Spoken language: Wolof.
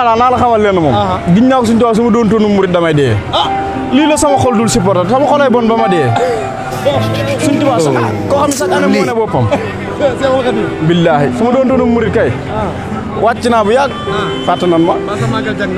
voilà naa la xamal leen moom. giñ naa ko suñu tool su ma doon tóonu murit damay dee. Ah. lii la sama xol dul supporter sama xol ay bon ba ma dee. suñ tubaab sax oh. koo xam ne sax billaahi su doon tóonu murit kay. Ah. wàcc naa bu yàgg. Ah. fàtte nan ma.